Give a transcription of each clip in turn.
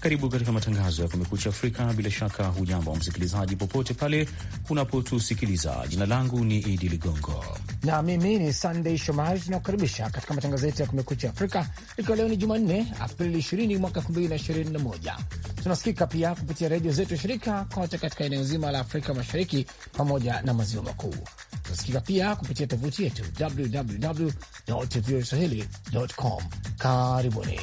Karibu katika matangazo ya Kumekucha Afrika. Bila shaka hujambo msikilizaji, popote pale unapotusikiliza. Jina langu ni Idi Ligongo na mimi ni Sandey Shomari. Tunakukaribisha katika matangazo yetu ya Kumekucha Afrika, ikiwa leo ni Jumanne, Aprili 20 mwaka 2021. Tunasikika pia kupitia redio zetu shirika kote katika eneo zima la Afrika Mashariki pamoja na maziwa makuu. Tunasikika pia kupitia tovuti yetu www voaswahili com. Karibuni.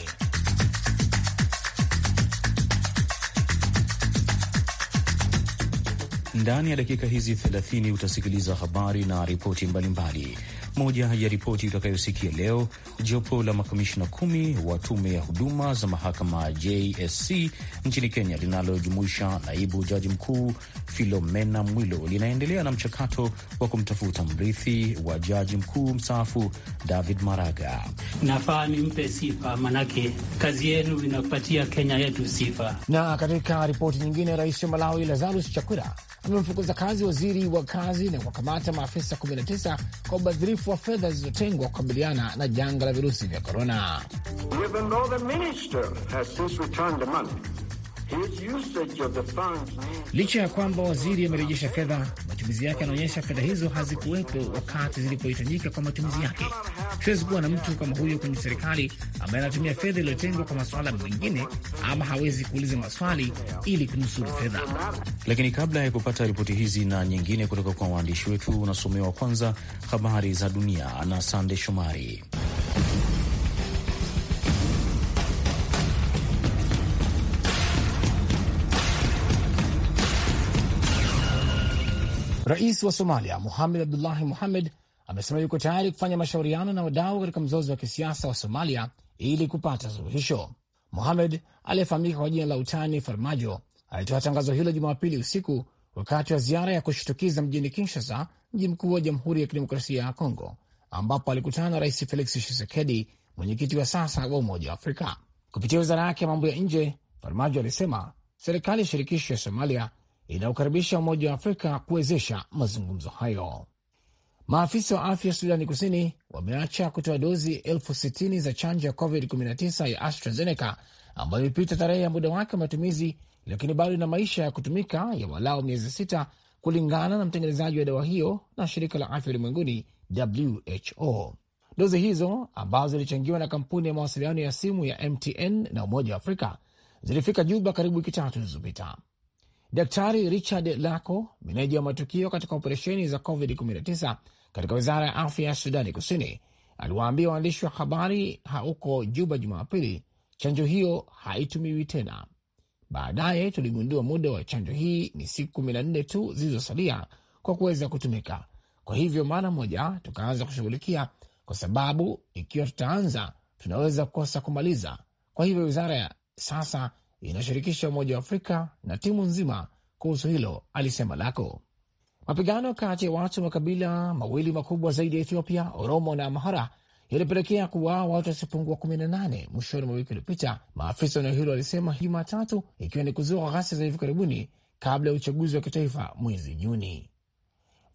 Ndani ya dakika hizi 30 utasikiliza habari na ripoti mbalimbali. Moja ya ripoti utakayosikia leo, jopo la makamishna kumi wa tume ya huduma za mahakama JSC nchini Kenya linalojumuisha naibu jaji mkuu Filomena Mwilo linaendelea na mchakato wa kumtafuta mrithi wa jaji mkuu mstaafu David Maraga. Nafaa nimpe sifa, manake kazi yenu inapatia Kenya yetu sifa. Na katika ripoti nyingine, rais wa Malawi Lazarus Chakwera amemfukuza kazi waziri wa kazi na kuwakamata maafisa 19 kwa ubadhirifu wa fedha zilizotengwa kukabiliana na janga la virusi vya korona. Licha ya kwamba waziri amerejesha fedha, matumizi yake yanaonyesha fedha hizo hazikuwepo wakati zilipohitajika kwa matumizi yake. Siwezi kuwa na mtu kama huyo kwenye serikali ambaye anatumia fedha iliyotengwa kwa masuala mengine, ama hawezi kuuliza maswali ili kunusuru fedha. Lakini kabla ya kupata ripoti hizi na nyingine kutoka kwa waandishi wetu, unasomewa kwanza habari za dunia na Sande Shomari. Rais wa Somalia muhamed Abdullahi Muhamed amesema yuko tayari kufanya mashauriano na wadau katika mzozo wa kisiasa wa Somalia ili kupata suluhisho. Muhamed aliyefahamika kwa jina la utani Farmajo alitoa tangazo hilo Jumapili usiku wakati wa ziara ya kushitukiza mjini Kinshasa, mji mkuu wa Jamhuri ya Kidemokrasia ya Kongo, ambapo alikutana na Rais Felix Tshisekedi, mwenyekiti wa sasa wa Umoja wa Afrika. Kupitia wizara yake ya mambo ya nje, Farmajo alisema serikali ya shirikisho ya Somalia inayokaribisha Umoja wa Afrika kuwezesha mazungumzo hayo. Maafisa wa afya Sudani Kusini wameacha kutoa dozi elfu sitini za chanjo ya COVID-19 ya AstraZeneca ambayo imepita tarehe ya muda wake wa matumizi, lakini bado ina maisha ya kutumika ya walau miezi sita, kulingana na mtengenezaji wa dawa hiyo na shirika la afya ulimwenguni WHO. Dozi hizo ambazo zilichangiwa na kampuni ya mawasiliano ya simu ya MTN na Umoja wa Afrika zilifika Juba karibu wiki tatu zilizopita. Daktari Richard Lako, meneja wa matukio katika operesheni za COVID-19 katika wizara ya afya ya Sudani Kusini, aliwaambia waandishi wa habari huko Juba Jumapili chanjo hiyo haitumiwi tena. Baadaye tuligundua muda wa chanjo hii ni siku kumi na nne tu zilizosalia kwa kuweza kutumika. Kwa hivyo mara moja tukaanza kushughulikia, kwa sababu ikiwa tutaanza tunaweza kukosa kumaliza. Kwa hivyo wizara ya sasa inashirikisha Umoja wa Afrika na timu nzima kuhusu hilo, alisema Lako. Mapigano kati ya watu wa makabila mawili makubwa zaidi ya Ethiopia, Oromo na Amhara, yalipelekea kuwaa watu wasiopungua 18 mwishoni mwa wiki iliyopita, maafisa wa eneo hilo walisema Jumatatu, ikiwa ni kuzua kwa ghasia za hivi karibuni kabla ya uchaguzi wa kitaifa mwezi Juni.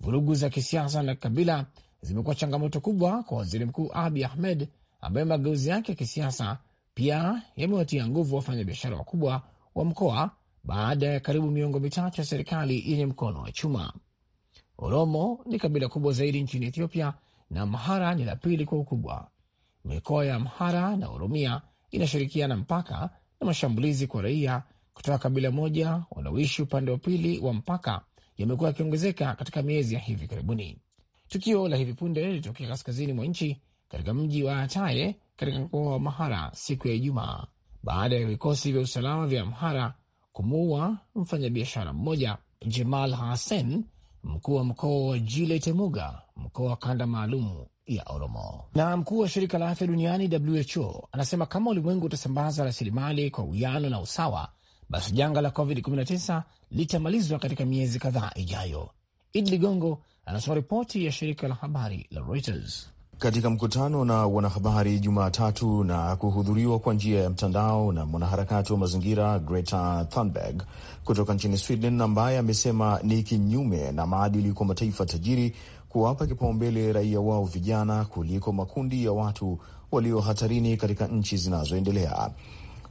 Vurugu za kisiasa na kabila zimekuwa changamoto kubwa kwa waziri mkuu Abi Ahmed ambaye mageuzi yake ya kisiasa pia yamewatia nguvu wafanyabiashara wakubwa wa mkoa baada ya karibu miongo mitatu ya serikali yenye mkono wa chuma. Oromo ni kabila kubwa zaidi nchini Ethiopia na Amhara ni la pili kwa ukubwa. Mikoa ya Amhara na Oromia inashirikiana mpaka na mashambulizi kwa raia kutoka kabila moja wanaoishi upande wa pili wa mpaka yamekuwa yakiongezeka katika miezi ya hivi karibuni. Tukio la hivi punde lilitokea kaskazini mwa nchi katika mji wa Ataye katika mkoa wa Mahara siku ya Ijumaa baada ya vikosi vya usalama vya Amhara kumuua mfanyabiashara mmoja Jamal Hasen, mkuu wa mkoa wa Jile Temuga, mkoa wa kanda maalum ya Oromo. Na mkuu wa shirika la afya duniani WHO anasema kama ulimwengu utasambaza rasilimali kwa uwiano na usawa, basi janga la COVID-19 litamalizwa katika miezi kadhaa ijayo. Idi Ligongo anasoma ripoti ya shirika la habari la Reuters katika mkutano na wanahabari Jumatatu na kuhudhuriwa kwa njia ya mtandao na mwanaharakati wa mazingira Greta Thunberg kutoka nchini Sweden, ambaye amesema ni kinyume na maadili kwa mataifa tajiri kuwapa kipaumbele raia wao vijana kuliko makundi ya watu walio hatarini katika nchi zinazoendelea.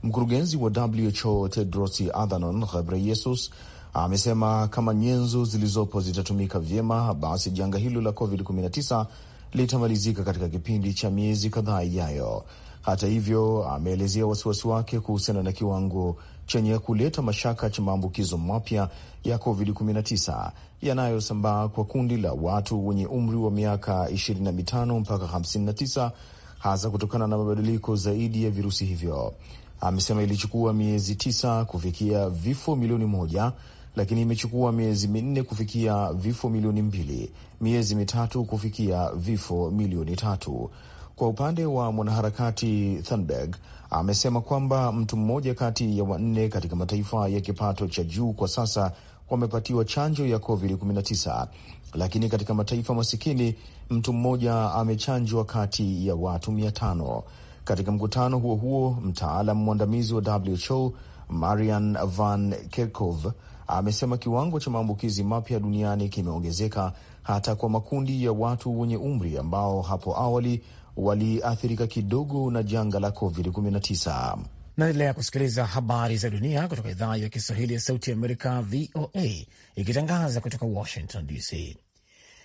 Mkurugenzi wa WHO Tedros Adhanom Ghebreyesus amesema kama nyenzo zilizopo zitatumika vyema, basi janga hilo la COVID-19 litamalizika katika kipindi cha miezi kadhaa ijayo. Hata hivyo, ameelezea wasiwasi wake kuhusiana na kiwango chenye kuleta mashaka cha maambukizo mapya ya COVID-19 yanayosambaa kwa kundi la watu wenye umri wa miaka 25 mpaka 59, hasa kutokana na mabadiliko zaidi ya virusi hivyo. Amesema ilichukua miezi tisa kufikia vifo milioni moja lakini imechukua miezi minne kufikia vifo milioni mbili, miezi mitatu kufikia vifo milioni tatu. Kwa upande wa mwanaharakati Thunberg amesema kwamba mtu mmoja kati ya wanne katika mataifa ya kipato cha juu kwa sasa wamepatiwa chanjo ya COVID-19, lakini katika mataifa masikini mtu mmoja amechanjwa kati ya watu mia tano. Katika mkutano huo huo, mtaalam mwandamizi wa WHO Marian Van Kerkhove amesema kiwango cha maambukizi mapya duniani kimeongezeka hata kwa makundi ya watu wenye umri ambao hapo awali waliathirika kidogo na janga la COVID-19. Naendelea kusikiliza habari za dunia kutoka idhaa ya Kiswahili ya Sauti ya Amerika, VOA, ikitangaza kutoka Washington DC.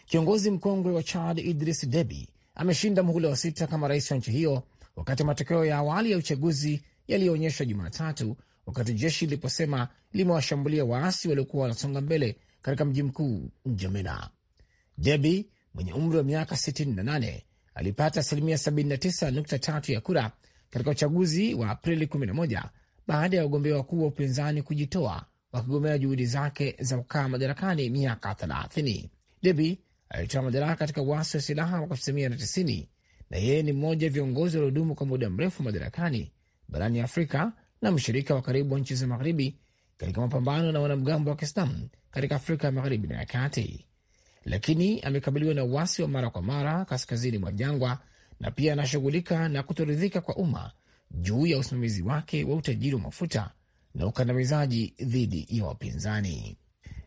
Kiongozi mkongwe wa Chad Idris Deby ameshinda muhula wa sita kama rais wa nchi hiyo, wakati matokeo ya awali ya uchaguzi yaliyoonyeshwa Jumatatu wakati jeshi liliposema limewashambulia waasi waliokuwa wanasonga mbele katika mji mkuu Njamena. Debi mwenye umri wa miaka 68 alipata asilimia 79.3 ya kura katika uchaguzi wa Aprili 11 baada ya wagombea wakuu wa upinzani kujitoa wakigomea juhudi zake za kukaa madarakani miaka 30. Debi alitoa madaraka katika uasi wa silaha mwaka 1990 na yeye ni mmoja viongozi waliodumu kwa muda mrefu madarakani barani Afrika na mshirika wa karibu wa nchi za magharibi katika mapambano na wanamgambo wa Kiislam katika Afrika ya magharibi na ya kati, lakini amekabiliwa na uasi wa mara kwa mara kaskazini mwa jangwa na pia anashughulika na kutoridhika kwa umma juu ya usimamizi wake wa utajiri wa mafuta na ukandamizaji dhidi ya wapinzani.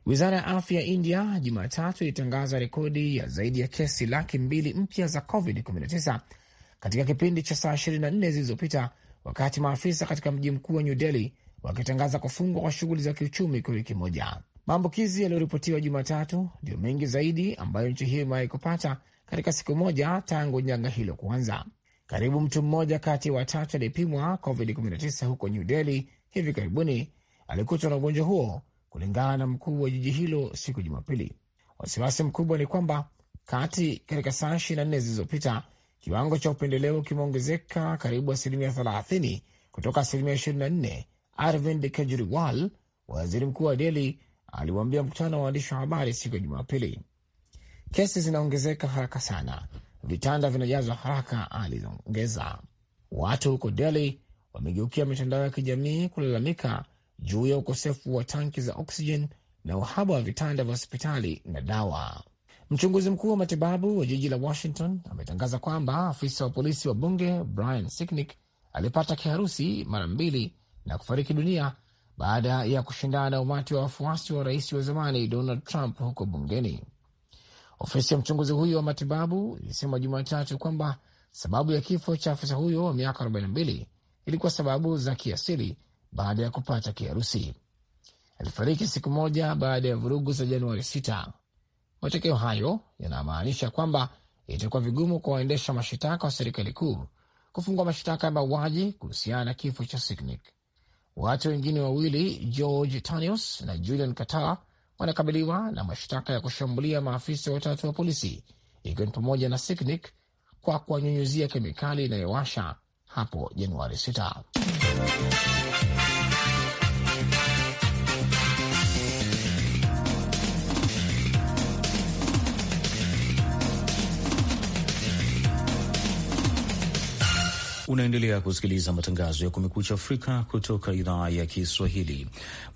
Wizara ya afya ya India Jumatatu ilitangaza rekodi ya zaidi ya kesi laki mbili mpya za COVID-19 katika kipindi cha saa 24 zilizopita wakati maafisa katika mji mkuu wa New Delhi wakitangaza kufungwa kwa shughuli za kiuchumi kwa wiki moja. Maambukizi yaliyoripotiwa Jumatatu ndiyo mengi zaidi ambayo nchi hiyo imewahi kupata katika siku moja tangu janga hilo kuanza. Karibu mtu mmoja kati ya watatu aliyepimwa COVID-19 huko New Delhi hivi karibuni alikutwa na ugonjwa huo, kulingana na mkuu wa jiji hilo siku Jumapili. Wasiwasi mkubwa ni kwamba kati katika saa 24 zilizopita Kiwango cha upendeleo kimeongezeka karibu asilimia 30 kutoka asilimia 24. Arvind Kejriwal, waziri mkuu wa Deli, aliwaambia mkutano wa waandishi wa habari siku ya Jumapili. Kesi zinaongezeka haraka sana, vitanda vinajazwa haraka, aliongeza. Watu huko Deli wamegeukia mitandao ya kijamii kulalamika juu ya ukosefu wa tanki za oksijeni na uhaba wa vitanda vya hospitali na dawa. Mchunguzi mkuu wa matibabu wa jiji la Washington ametangaza kwamba afisa wa polisi wa bunge Brian Siknik alipata kiharusi mara mbili na kufariki dunia baada ya kushindana na umati wa wafuasi wa rais wa zamani Donald Trump huko bungeni. Ofisi ya mchunguzi huyo wa matibabu ilisema Jumatatu kwamba sababu ya kifo cha afisa huyo wa miaka 42 ilikuwa sababu za kiasili baada ya kupata kiharusi. Alifariki siku moja baada ya vurugu za Januari Matokeo hayo yanamaanisha kwamba itakuwa vigumu kwa waendesha mashitaka wa serikali kuu kufungua mashtaka ya mauaji kuhusiana na kifo cha Sicnik. Watu wengine wawili George Tanius na Julian Katar wanakabiliwa na mashtaka ya kushambulia maafisa watatu wa polisi, ikiwa ni pamoja na Sicnik kwa kuwanyunyuzia kemikali inayowasha hapo Januari 6. Unaendelea kusikiliza matangazo ya Kumekucha Afrika kutoka idhaa ya Kiswahili.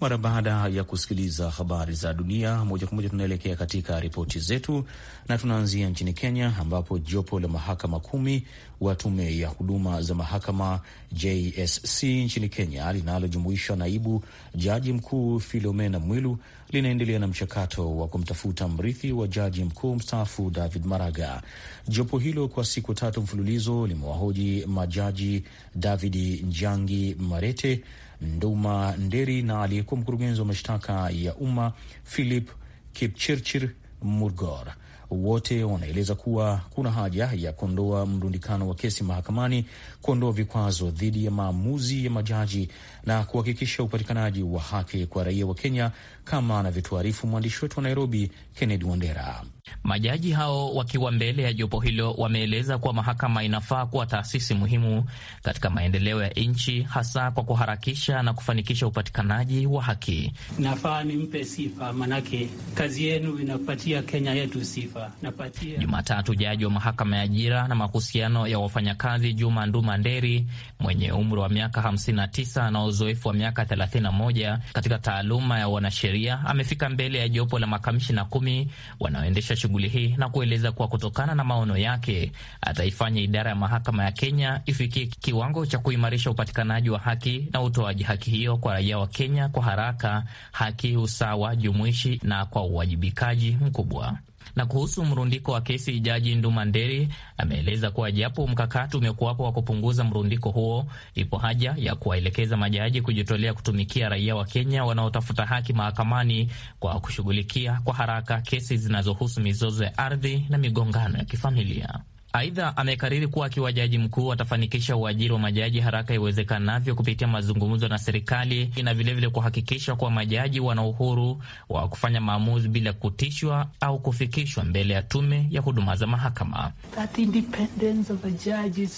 Mara baada ya kusikiliza habari za dunia moja kwa moja, tunaelekea katika ripoti zetu, na tunaanzia nchini Kenya ambapo jopo la mahakama kumi wa tume ya huduma za mahakama JSC nchini Kenya linalojumuisha naibu jaji mkuu Filomena Mwilu linaendelea na mchakato wa kumtafuta mrithi wa jaji mkuu mstaafu David Maraga. Jopo hilo kwa siku tatu mfululizo limewahoji majaji David Njangi Marete, Nduma Nderi na aliyekuwa mkurugenzi wa mashtaka ya umma Philip Kipchirchir Murgor wote wanaeleza kuwa kuna haja ya kuondoa mrundikano wa kesi mahakamani, kuondoa vikwazo dhidi ya maamuzi ya majaji na kuhakikisha upatikanaji wa haki kwa raia wa Kenya kama anavyotuarifu mwandishi wetu wa Nairobi, Kennedy Wandera. Majaji hao wakiwa mbele ya jopo hilo wameeleza kuwa mahakama inafaa kuwa taasisi muhimu katika maendeleo ya nchi, hasa kwa kuharakisha na kufanikisha upatikanaji wa haki. Nafaa nimpe sifa, manake kazi yenu inapatia Kenya yetu sifa. Napatia Jumatatu, jaji wa mahakama ya ajira na mahusiano ya wafanyakazi Juma Nduma Nderi mwenye umri wa miaka 59 na uzoefu wa miaka 31 katika taaluma ya wanasheria Macharia amefika mbele ya jopo la makamishina kumi wanaoendesha shughuli hii na kueleza kuwa kutokana na maono yake ataifanya idara ya mahakama ya Kenya ifikie kiwango cha kuimarisha upatikanaji wa haki na utoaji haki hiyo kwa raia wa Kenya kwa haraka, haki, usawa, jumuishi na kwa uwajibikaji mkubwa. Na kuhusu mrundiko wa kesi, Jaji Ndumanderi ameeleza kuwa japo mkakati umekuwapo wa kupunguza mrundiko huo, ipo haja ya kuwaelekeza majaji kujitolea kutumikia raia wa Kenya wanaotafuta haki mahakamani kwa kushughulikia kwa haraka kesi zinazohusu mizozo ya ardhi na migongano ya kifamilia. Aidha, amekariri kuwa akiwa jaji mkuu atafanikisha uajiri wa majaji haraka iwezekanavyo kupitia mazungumzo na serikali na vilevile kuhakikisha kuwa majaji wana uhuru wa kufanya maamuzi bila kutishwa au kufikishwa mbele ya tume ya huduma za mahakama.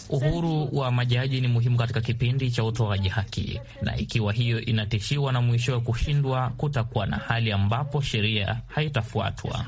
Uhuru wa majaji ni muhimu katika kipindi cha utoaji haki, na ikiwa hiyo inatishiwa na mwisho wa kushindwa, kutakuwa na hali ambapo sheria haitafuatwa.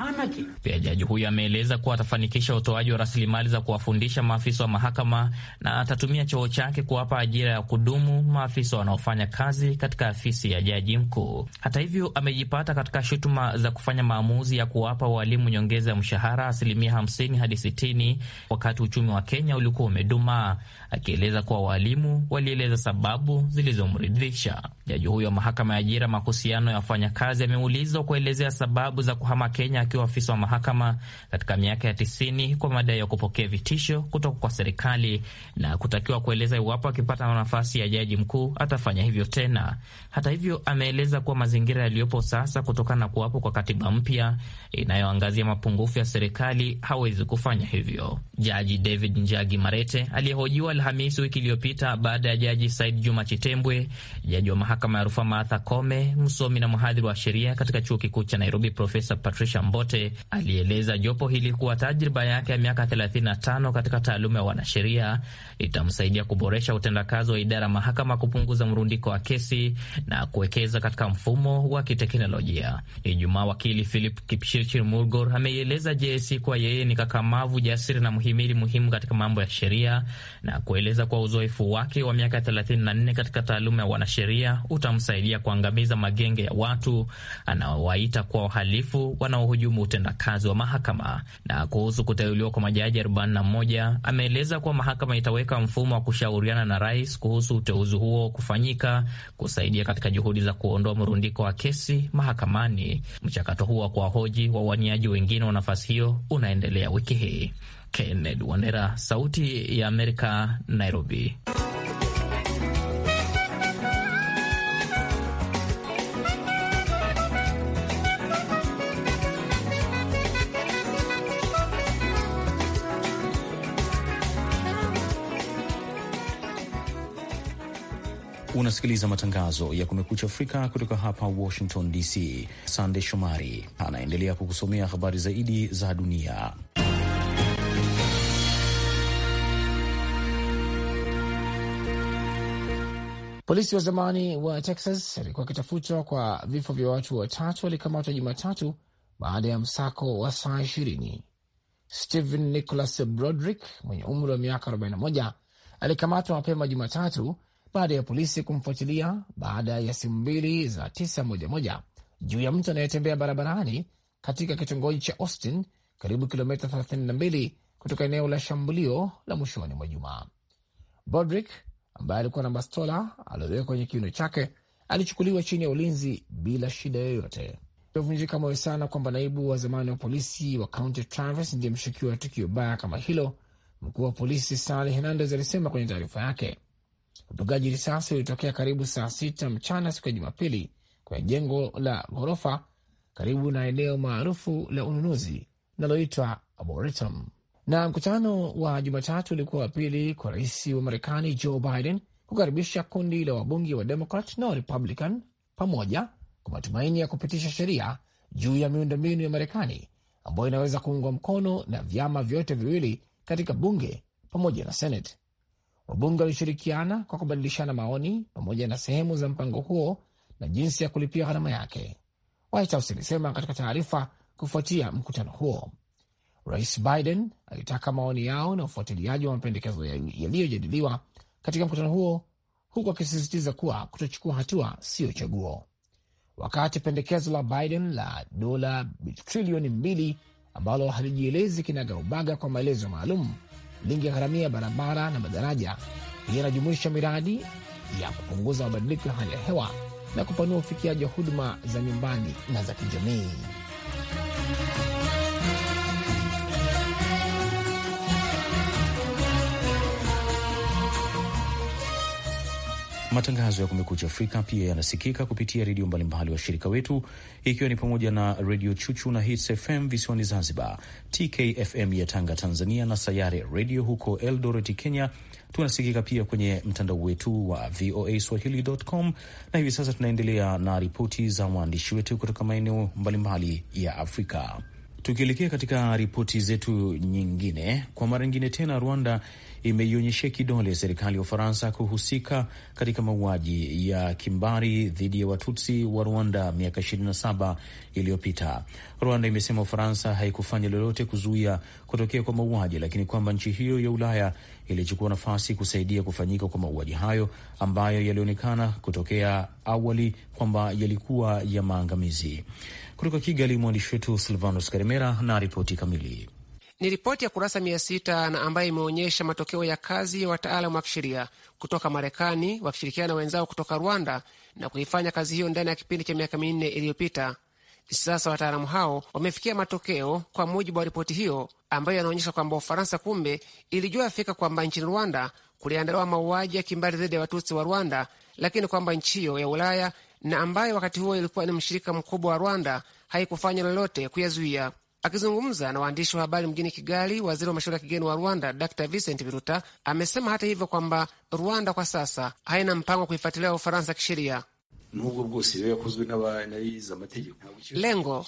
Pia jaji huyo ameeleza kuwa atafanikisha utoaji wa rasilimali ataweza kuwafundisha maafisa wa mahakama na atatumia cheo chake kuwapa ajira ya kudumu maafisa wanaofanya kazi katika afisi ya jaji mkuu. Hata hivyo, amejipata katika shutuma za kufanya maamuzi ya kuwapa walimu nyongeza ya mshahara asilimia 50 hadi 60 wakati uchumi wa Kenya ulikuwa umedumaa, akieleza kuwa walimu walieleza sababu zilizomridhisha. Jaji huyo wa mahakama ya ajira, mahusiano ya wafanyakazi, ameulizwa kuelezea sababu za kuhama Kenya akiwa afisa wa mahakama katika miaka ya 90 kwa madai ya kupokea vile vitisho kutoka kwa serikali na kutakiwa kueleza iwapo akipata nafasi ya jaji mkuu atafanya hivyo tena. Hata hivyo, ameeleza kuwa mazingira yaliyopo sasa, kutokana na kuwapo kwa katiba mpya inayoangazia mapungufu ya serikali, hawezi kufanya hivyo. Jaji David Njagi Marete aliyehojiwa Alhamisi wiki iliyopita baada ya jaji Said Juma Chitembwe, jaji wa mahakama ya rufaa Martha Kome, msomi na mhadhiri wa sheria katika chuo kikuu cha Nairobi Profesa Patricia Mbote alieleza jopo hili kuwa tajriba yake ya miaka 15 katika taaluma ya wanasheria itamsaidia kuboresha utendakazi wa idara mahakama, kupunguza mrundiko wa kesi na kuwekeza katika mfumo wa kiteknolojia. Ijumaa, wakili Philip Kipchirchir Murgor ameieleza JSC kuwa yeye ni kakamavu, jasiri na mhimili muhimu katika mambo ya sheria na kueleza kuwa uzoefu wake wa miaka 34 katika taaluma ya wanasheria utamsaidia kuangamiza magenge ya watu anaowaita kuwa wahalifu wanaohujumu utendakazi wa mahakama. Na kuhusu kuteuliwa kwa majaji 81 ameeleza kuwa mahakama itaweka mfumo wa kushauriana na rais kuhusu uteuzi huo kufanyika kusaidia katika juhudi za kuondoa mrundiko wa kesi mahakamani. Mchakato huo wa kuwahoji wawaniaji wengine wa nafasi hiyo unaendelea wiki hii. Kenneth Wandera, Sauti ya Amerika, Nairobi. Unasikiliza matangazo ya Kumekucha Afrika kutoka hapa Washington DC. Sande Shomari anaendelea kukusomea habari zaidi za dunia. Polisi wa zamani wa Texas alikuwa akitafutwa kwa vifo vya watu watatu walikamatwa Jumatatu baada ya msako wa saa ishirini. Stephen Nicholas Brodrick mwenye umri wa miaka 41 alikamatwa mapema Jumatatu baada ya polisi kumfuatilia baada ya simu mbili za 911 juu ya mtu anayetembea barabarani katika kitongoji cha Austin, karibu kilomita 32 kutoka eneo la shambulio la mwishoni mwa jumaa. Bodrick ambaye alikuwa na bastola aliowekwa kwenye kiuno chake alichukuliwa chini ya ulinzi bila shida yoyote. Imevunjika moyo sana kwamba naibu wa zamani wa polisi wa kaunti ya Travis ndiye mshukiwa wa tukio baya kama hilo, mkuu wa polisi Sally Hernandez alisema kwenye taarifa yake. Upigaji risasi ulitokea karibu saa sita mchana siku ya Jumapili kwenye jengo la ghorofa karibu na eneo maarufu la ununuzi linaloitwa Arboretum. Na mkutano wa Jumatatu ulikuwa wa pili kwa rais wa Marekani Joe Biden kukaribisha kundi la wabunge wa demokrat na Republican pamoja kwa matumaini ya kupitisha sheria juu ya miundombinu ya Marekani ambayo inaweza kuungwa mkono na vyama vyote viwili katika bunge pamoja na Senate. Wabunge walishirikiana kwa kubadilishana maoni pamoja na sehemu za mpango huo na jinsi ya kulipia gharama yake, White House ilisema katika taarifa kufuatia mkutano huo. Rais Biden alitaka maoni yao na ufuatiliaji wa mapendekezo yaliyojadiliwa katika mkutano huo, huku akisisitiza kuwa kutochukua hatua siyo chaguo. Wakati pendekezo la Biden la dola trilioni mbili ambalo halijielezi kinagaubaga kwa maelezo maalum lingegharamia barabara na madaraja. Pia inajumuisha miradi ya kupunguza mabadiliko ya hali ya hewa na kupanua ufikiaji wa huduma za nyumbani na za kijamii. Matangazo ya Kumekucha Afrika pia yanasikika kupitia redio mbalimbali washirika wetu, ikiwa ni pamoja na Redio Chuchu na Hits FM visiwani Zanzibar, TKFM ya Tanga, Tanzania, na Sayare Redio huko Eldoret, Kenya. Tunasikika pia kwenye mtandao wetu wa VOA swahili.com, na hivi sasa tunaendelea na ripoti za waandishi wetu kutoka maeneo mbalimbali ya Afrika. Tukielekea katika ripoti zetu nyingine, kwa mara nyingine tena Rwanda imeionyeshea kidole serikali ya Ufaransa kuhusika katika mauaji ya kimbari dhidi ya Watutsi wa Rwanda miaka 27 iliyopita. Rwanda imesema Ufaransa haikufanya lolote kuzuia kutokea kwa mauaji, lakini kwamba nchi hiyo ya Ulaya ilichukua nafasi kusaidia kufanyika kwa mauaji hayo ambayo yalionekana kutokea awali kwamba yalikuwa ya maangamizi. Kutoka Kigali, mwandishi wetu Silvanus Karimera na ripoti kamili. Ni ripoti ya kurasa mia sita na ambayo imeonyesha matokeo ya kazi ya wataalamu wa kisheria kutoka Marekani wakishirikiana na wenzao kutoka Rwanda na kuifanya kazi hiyo ndani ya kipindi cha miaka minne iliyopita. Sasa wataalamu hao wamefikia matokeo kwa mujibu wa ripoti hiyo ambayo yanaonyesha kwamba Ufaransa kumbe ilijua fika kwamba nchini Rwanda kuliandaliwa mauaji ya kimbari dhidi ya Watutsi wa Rwanda, lakini kwamba nchi hiyo ya Ulaya na ambayo wakati huo ilikuwa ni mshirika mkubwa wa Rwanda haikufanya lolote kuyazuia. Akizungumza na waandishi wa habari mjini Kigali, waziri wa mashauri ya kigeni wa Rwanda Dr Vincent Biruta amesema hata hivyo kwamba Rwanda kwa sasa haina mpango wa kuifuatilia Ufaransa kisheria. Lengo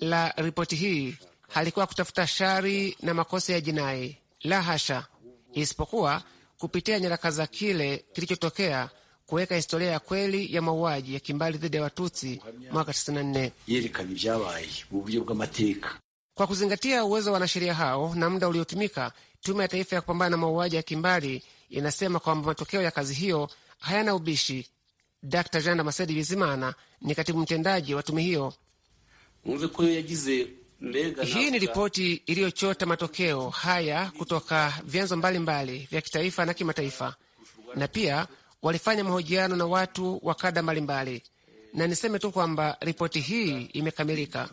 la ripoti hii halikuwa kutafuta shari na makosa ya jinai, la hasha, isipokuwa kupitia nyaraka za kile kilichotokea kuweka historia ya kweli ya mauaji ya kimbali dhidi ya Watutsi mwaka 94. Kwa kuzingatia uwezo wa wanasheria hao na muda uliotumika, Tume ya Taifa ya Kupambana na Mauaji ya Kimbali inasema kwamba matokeo ya kazi hiyo hayana ubishi. Dr Jean Damasedi Bizimana ni katibu mtendaji wa tume hiyo. Hii ni ripoti iliyochota matokeo haya kutoka vyanzo mbalimbali vya kitaifa na kimataifa na pia walifanya mahojiano na watu wa kada mbalimbali, na niseme tu kwamba ripoti hii imekamilika.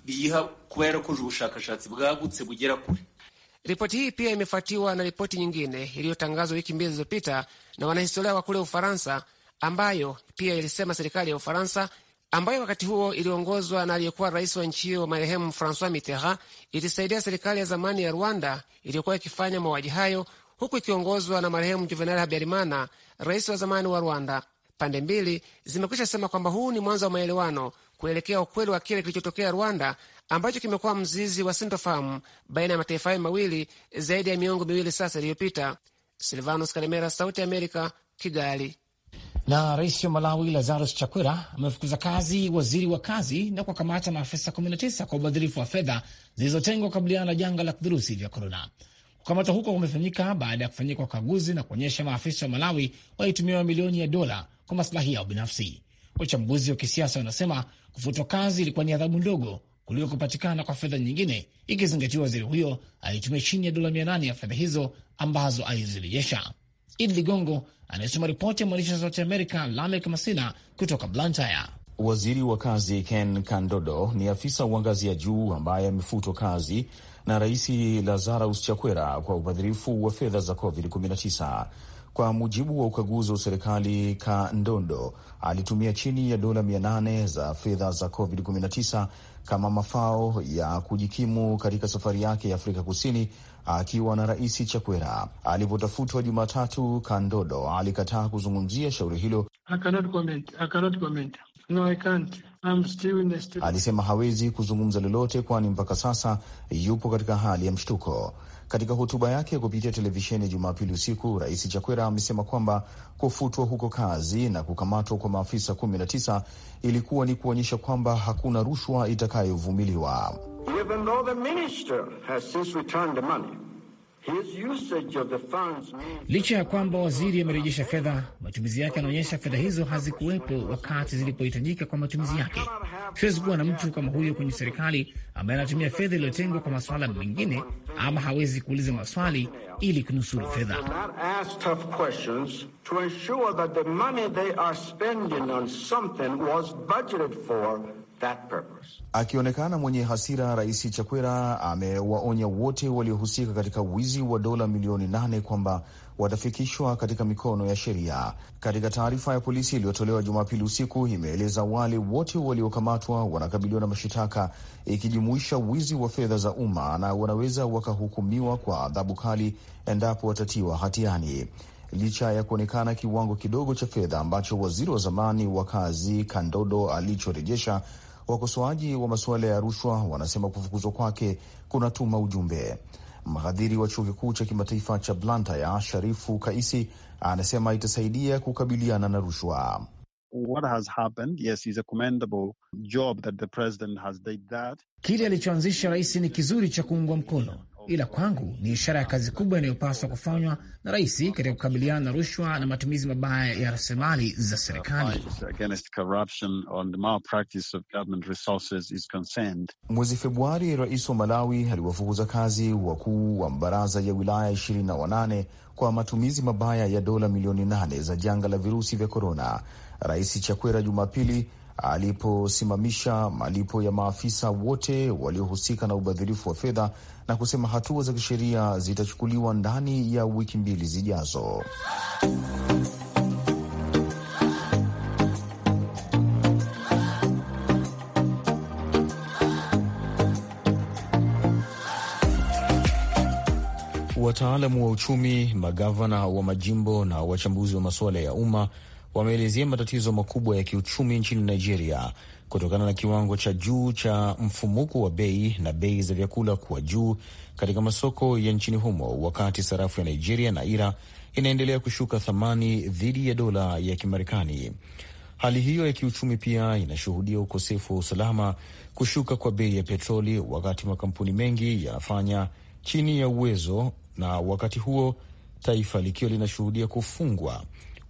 Ripoti hii pia imefuatiwa na ripoti nyingine iliyotangazwa wiki mbili zilizopita na wanahistoria wa kule Ufaransa, ambayo pia ilisema serikali ya Ufaransa ambayo wakati huo iliongozwa na aliyekuwa rais wa nchi hiyo marehemu Francois Mitterrand ilisaidia serikali ya zamani ya Rwanda iliyokuwa ikifanya mauaji hayo huku ikiongozwa na marehemu Juvenal Habyarimana, rais wa zamani wa Rwanda. Pande mbili zimekwisha sema kwamba huu ni mwanzo wa maelewano kuelekea ukweli wa kile kilichotokea Rwanda, ambacho kimekuwa mzizi wa sintofahamu baina ya mataifa hayo mawili zaidi ya miongo miwili sasa iliyopita. Silvanus Kalemera, Sauti ya Amerika, Kigali. Na rais wa Malawi Lazarus Chakwera amefukuza kazi waziri wa kazi na kuwakamata maafisa 19 kwa ubadhirifu wa fedha zilizotengwa kukabiliana na janga la virusi vya korona. Kukamatwa huko kumefanyika baada ya kufanyika ukaguzi na kuonyesha maafisa wa Malawi walitumia mamilioni ya dola kwa masilahi yao binafsi. Wachambuzi wa kisiasa wanasema kufutwa kazi ilikuwa ni adhabu ndogo kuliko kupatikana kwa fedha nyingine, ikizingatiwa waziri huyo alitumia chini ya dola mia nane ya fedha hizo ambazo alizirejesha. Idi Ligongo anayesoma ripoti ya mwandishi wa Sauti Amerika Lamek Masina kutoka Blantyre. Waziri wa kazi Ken Kandodo ni afisa wa ngazi ya juu ambaye amefutwa kazi na Rais Lazarus Chakwera kwa ubadhirifu wa fedha za COVID-19. Kwa mujibu wa ukaguzi wa serikali, Kandondo alitumia chini ya dola 800 za fedha za COVID-19 kama mafao ya kujikimu katika safari yake ya Afrika Kusini akiwa na Rais Chakwera. Alipotafutwa Jumatatu, Kandondo alikataa kuzungumzia shauri hilo. I cannot comment. I cannot comment. No, I can't alisema hawezi kuzungumza lolote, kwani mpaka sasa yupo katika hali ya mshtuko. Katika hotuba yake kupitia televisheni Jumapili usiku, Rais Chakwera amesema kwamba kufutwa huko kazi na kukamatwa kwa maafisa 19 ilikuwa ni kuonyesha kwamba hakuna rushwa itakayovumiliwa. Licha ya kwamba waziri amerejesha fedha, matumizi yake yanaonyesha fedha hizo hazikuwepo wakati zilipohitajika kwa matumizi yake. Siwezi kuwa na mtu kama huyo kwenye serikali ambaye anatumia fedha iliyotengwa kwa masuala mengine, ama hawezi kuuliza maswali ili kunusuru fedha. Akionekana mwenye hasira, Rais Chakwera amewaonya wote waliohusika katika wizi wa dola milioni nane kwamba watafikishwa katika mikono ya sheria. Katika taarifa ya polisi iliyotolewa Jumapili usiku, imeeleza wale wote waliokamatwa wanakabiliwa na mashitaka ikijumuisha wizi wa fedha za umma na wanaweza wakahukumiwa kwa adhabu kali endapo watatiwa hatiani. Licha ya kuonekana kiwango kidogo cha fedha ambacho waziri wa zamani wa kazi Kandodo alichorejesha Wakosoaji wa masuala ya rushwa wanasema kufukuzwa kwake kunatuma ujumbe. Mhadhiri wa chuo kikuu cha kimataifa cha Blantyre, Sharifu Kaisi, anasema itasaidia kukabiliana na rushwa. Yes, kile alichoanzisha rais ni kizuri cha kuungwa mkono ila kwangu ni ishara ya kazi kubwa inayopaswa kufanywa na rais katika kukabiliana na rushwa na matumizi mabaya ya rasilimali za serikali. Uh, Mwezi Februari, rais wa Malawi aliwafukuza kazi wakuu wa baraza ya wilaya 28 kwa matumizi mabaya ya dola milioni nane za janga la virusi vya korona. Rais Chakwera Jumapili aliposimamisha malipo ya maafisa wote waliohusika na ubadhirifu wa fedha na kusema hatua za kisheria zitachukuliwa ndani ya wiki mbili zijazo. Wataalamu wa uchumi, magavana wa majimbo na wachambuzi wa masuala ya umma wameelezea matatizo makubwa ya kiuchumi nchini Nigeria kutokana na kiwango cha juu cha mfumuko wa bei na bei za vyakula kuwa juu katika masoko ya nchini humo, wakati sarafu ya Nigeria naira inaendelea kushuka thamani dhidi ya dola ya Kimarekani. Hali hiyo ya kiuchumi pia inashuhudia ukosefu wa usalama, kushuka kwa bei ya petroli, wakati makampuni mengi yanafanya chini ya uwezo, na wakati huo taifa likiwa linashuhudia kufungwa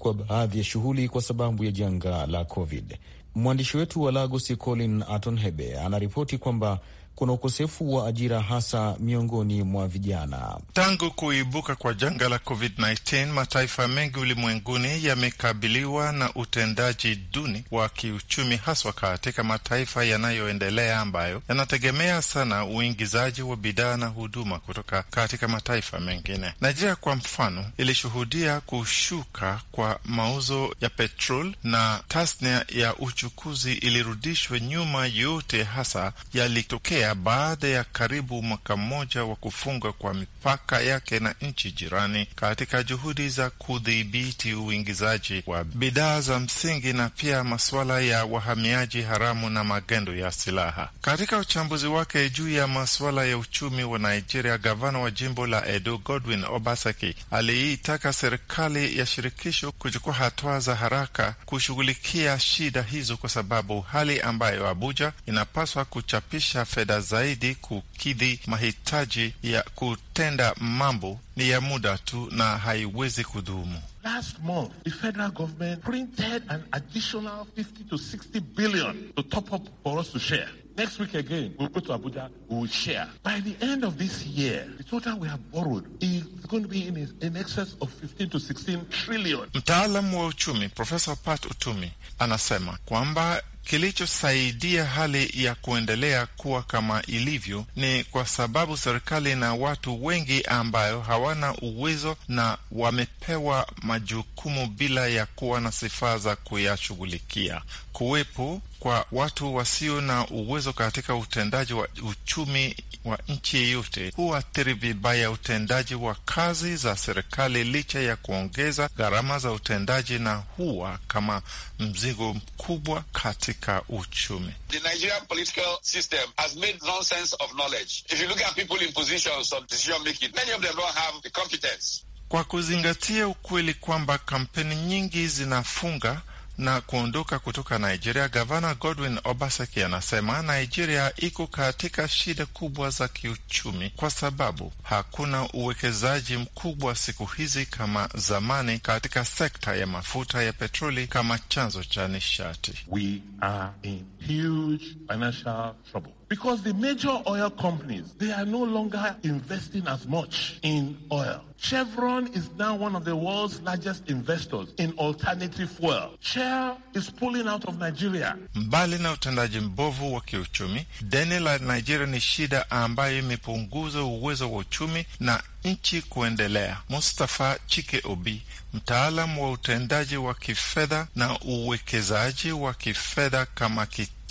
kwa baadhi ya shughuli kwa sababu ya janga la COVID. Mwandishi wetu wa Lagos Colin Atonhebe Hebe anaripoti kwamba kuna ukosefu wa ajira hasa miongoni mwa vijana. Tangu kuibuka kwa janga la COVID-19, mataifa mengi ulimwenguni yamekabiliwa na utendaji duni wa kiuchumi, haswa katika mataifa yanayoendelea ambayo yanategemea sana uingizaji wa bidhaa na huduma kutoka katika mataifa mengine. Nigeria kwa mfano, ilishuhudia kushuka kwa mauzo ya petrol na tasnia ya uchukuzi ilirudishwa nyuma, yote hasa yalitokea Korea baada ya karibu mwaka mmoja wa kufunga kwa mipaka yake na nchi jirani katika juhudi za kudhibiti uingizaji wa bidhaa za msingi na pia masuala ya wahamiaji haramu na magendo ya silaha. Katika uchambuzi wake juu ya masuala ya uchumi wa Nigeria, gavana wa jimbo la Edo Godwin Obaseki aliitaka serikali ya shirikisho kuchukua hatua za haraka kushughulikia shida hizo, kwa sababu hali ambayo Abuja inapaswa kuchapisha fedha muda zaidi kukidhi mahitaji ya kutenda mambo ni ya muda tu na haiwezi kudumu. Last month, the federal government printed an additional 50 to 60 billion to top up for us to share. Next week again, we'll go to Abuja, share. By the end of this year, the total we have borrowed is going to be in, in excess of 15 to 16 trillion. Mtaalamu wa uchumi profe Pat Utumi anasema kwamba Kilichosaidia hali ya kuendelea kuwa kama ilivyo ni kwa sababu serikali na watu wengi ambayo hawana uwezo na wamepewa majukumu bila ya kuwa na sifa za kuyashughulikia. Kuwepo kwa watu wasio na uwezo katika utendaji wa uchumi wa nchi yeyote huathiri vibaya utendaji wa kazi za serikali, licha ya kuongeza gharama za utendaji na huwa kama mzigo mkubwa katika uchumi. The Nigerian political system has made nonsense of knowledge. If you look at people in positions of decision making, many of them don't have the competence. Kwa kuzingatia ukweli kwamba kampeni nyingi zinafunga na kuondoka kutoka Nigeria, gavana Godwin Obaseki anasema Nigeria iko katika shida kubwa za kiuchumi kwa sababu hakuna uwekezaji mkubwa siku hizi kama zamani katika sekta ya mafuta ya petroli kama chanzo cha nishati. We are in huge financial trouble. Because the major oil companies, they are no longer investing as much in oil. Chevron is now one of the world's largest investors in alternative fuel. Shell is pulling out of Nigeria. Mbali na utendaji mbovu wa kiuchumi, deni la Nigeria ni shida ambayo imepunguza uwezo wa uchumi na nchi kuendelea. Mustafa Chike Obi, mtaalamu wa utendaji wa kifedha na uwekezaji wa kifedha kama kit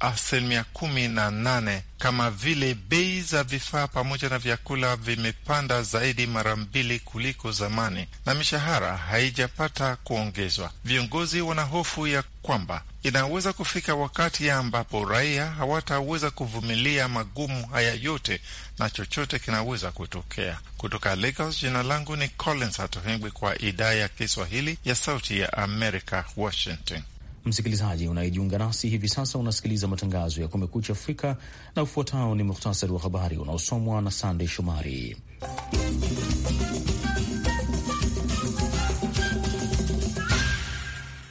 asilimia kumi na nane. Kama vile bei za vifaa pamoja na vyakula vimepanda zaidi mara mbili kuliko zamani na mishahara haijapata kuongezwa. Viongozi wana hofu ya kwamba inaweza kufika wakati ambapo raia hawataweza kuvumilia magumu haya yote na chochote kinaweza kutokea. Kutoka Lagos, jina langu ni Collins Hatohengwi, kwa idhaa ya Kiswahili ya Sauti ya Amerika, Washington. Msikilizaji unayejiunga nasi hivi sasa, unasikiliza matangazo ya Kumekucha Afrika, na ufuatao ni muhtasari wa habari unaosomwa na Sandey Shomari.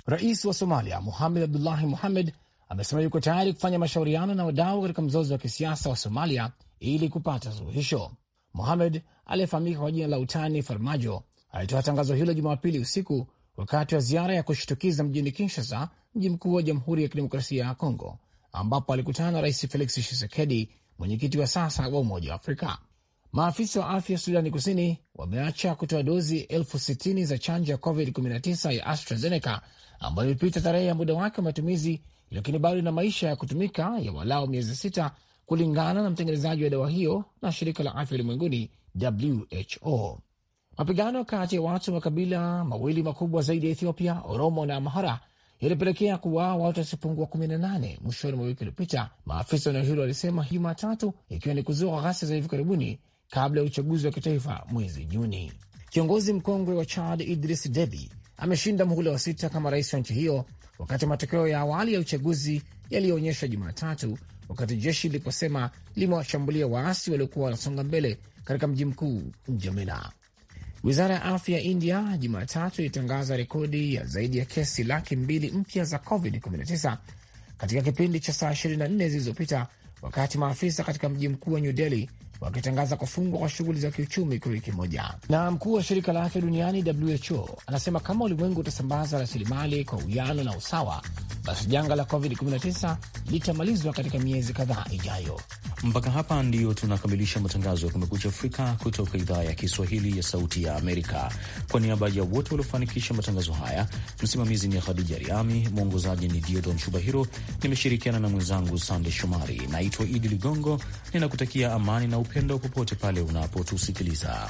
Rais wa Somalia Muhamed Abdullahi Muhamed amesema yuko tayari kufanya mashauriano na wadau katika mzozo wa kisiasa wa Somalia ili kupata suluhisho. Muhamed aliyefahamika kwa jina la utani Farmajo alitoa tangazo hilo Jumapili usiku wakati wa ziara ya kushtukiza mjini Kinshasa, mji mkuu wa Jamhuri ya Kidemokrasia ya Kongo, ambapo alikutana na Rais Felix Tshisekedi, mwenyekiti wa sasa wa Umoja wa Afrika. Maafisa wa afya Sudani Kusini wameacha kutoa dozi elfu sitini za chanjo ya COVID-19 ya AstraZeneca ambayo ilipita tarehe ya muda wake wa matumizi, lakini bado ina maisha ya kutumika ya walao miezi sita, kulingana na mtengenezaji wa dawa hiyo na shirika la afya ulimwenguni WHO. Mapigano kati ya watu wa makabila mawili makubwa zaidi ya Ethiopia, Oromo na Amhara, yalipelekea kuwaa watu wasiopungua 18 mwishoni mwa wiki iliyopita, maafisa wa eneo hilo walisema hii Jumatatu, ikiwa ni kuzua kwa ghasia za hivi karibuni kabla ya uchaguzi wa kitaifa mwezi Juni. Kiongozi mkongwe wa Chad Idris Deby ameshinda muhula wa sita kama rais wa nchi hiyo, wakati matokeo ya awali ya uchaguzi yaliyoonyesha Jumatatu, wakati jeshi liliposema limewashambulia waasi waliokuwa wanasonga mbele katika mji mkuu Njamena. Wizara ya afya ya India Jumatatu ilitangaza rekodi ya zaidi ya kesi laki mbili mpya za COVID-19 katika kipindi cha saa 24 zilizopita, wakati maafisa katika mji mkuu wa New Delhi wakitangaza kufungwa kwa shughuli za kiuchumi kwa wiki moja. Na mkuu wa shirika la afya duniani WHO anasema kama ulimwengu utasambaza rasilimali kwa uwiano na usawa, basi janga la COVID-19 litamalizwa katika miezi kadhaa ijayo. Mpaka hapa ndiyo tunakamilisha matangazo ya Kumekucha Afrika kutoka idhaa ya Kiswahili ya Sauti ya Amerika. Kwa niaba ya wote waliofanikisha matangazo haya, msimamizi ni Khadija Riami, mwongozaji ni Diodon Shubahiro, nimeshirikiana na mwenzangu Sande Shomari. Naitwa Idi Ligongo, ninakutakia amani na upendo popote pale unapotusikiliza.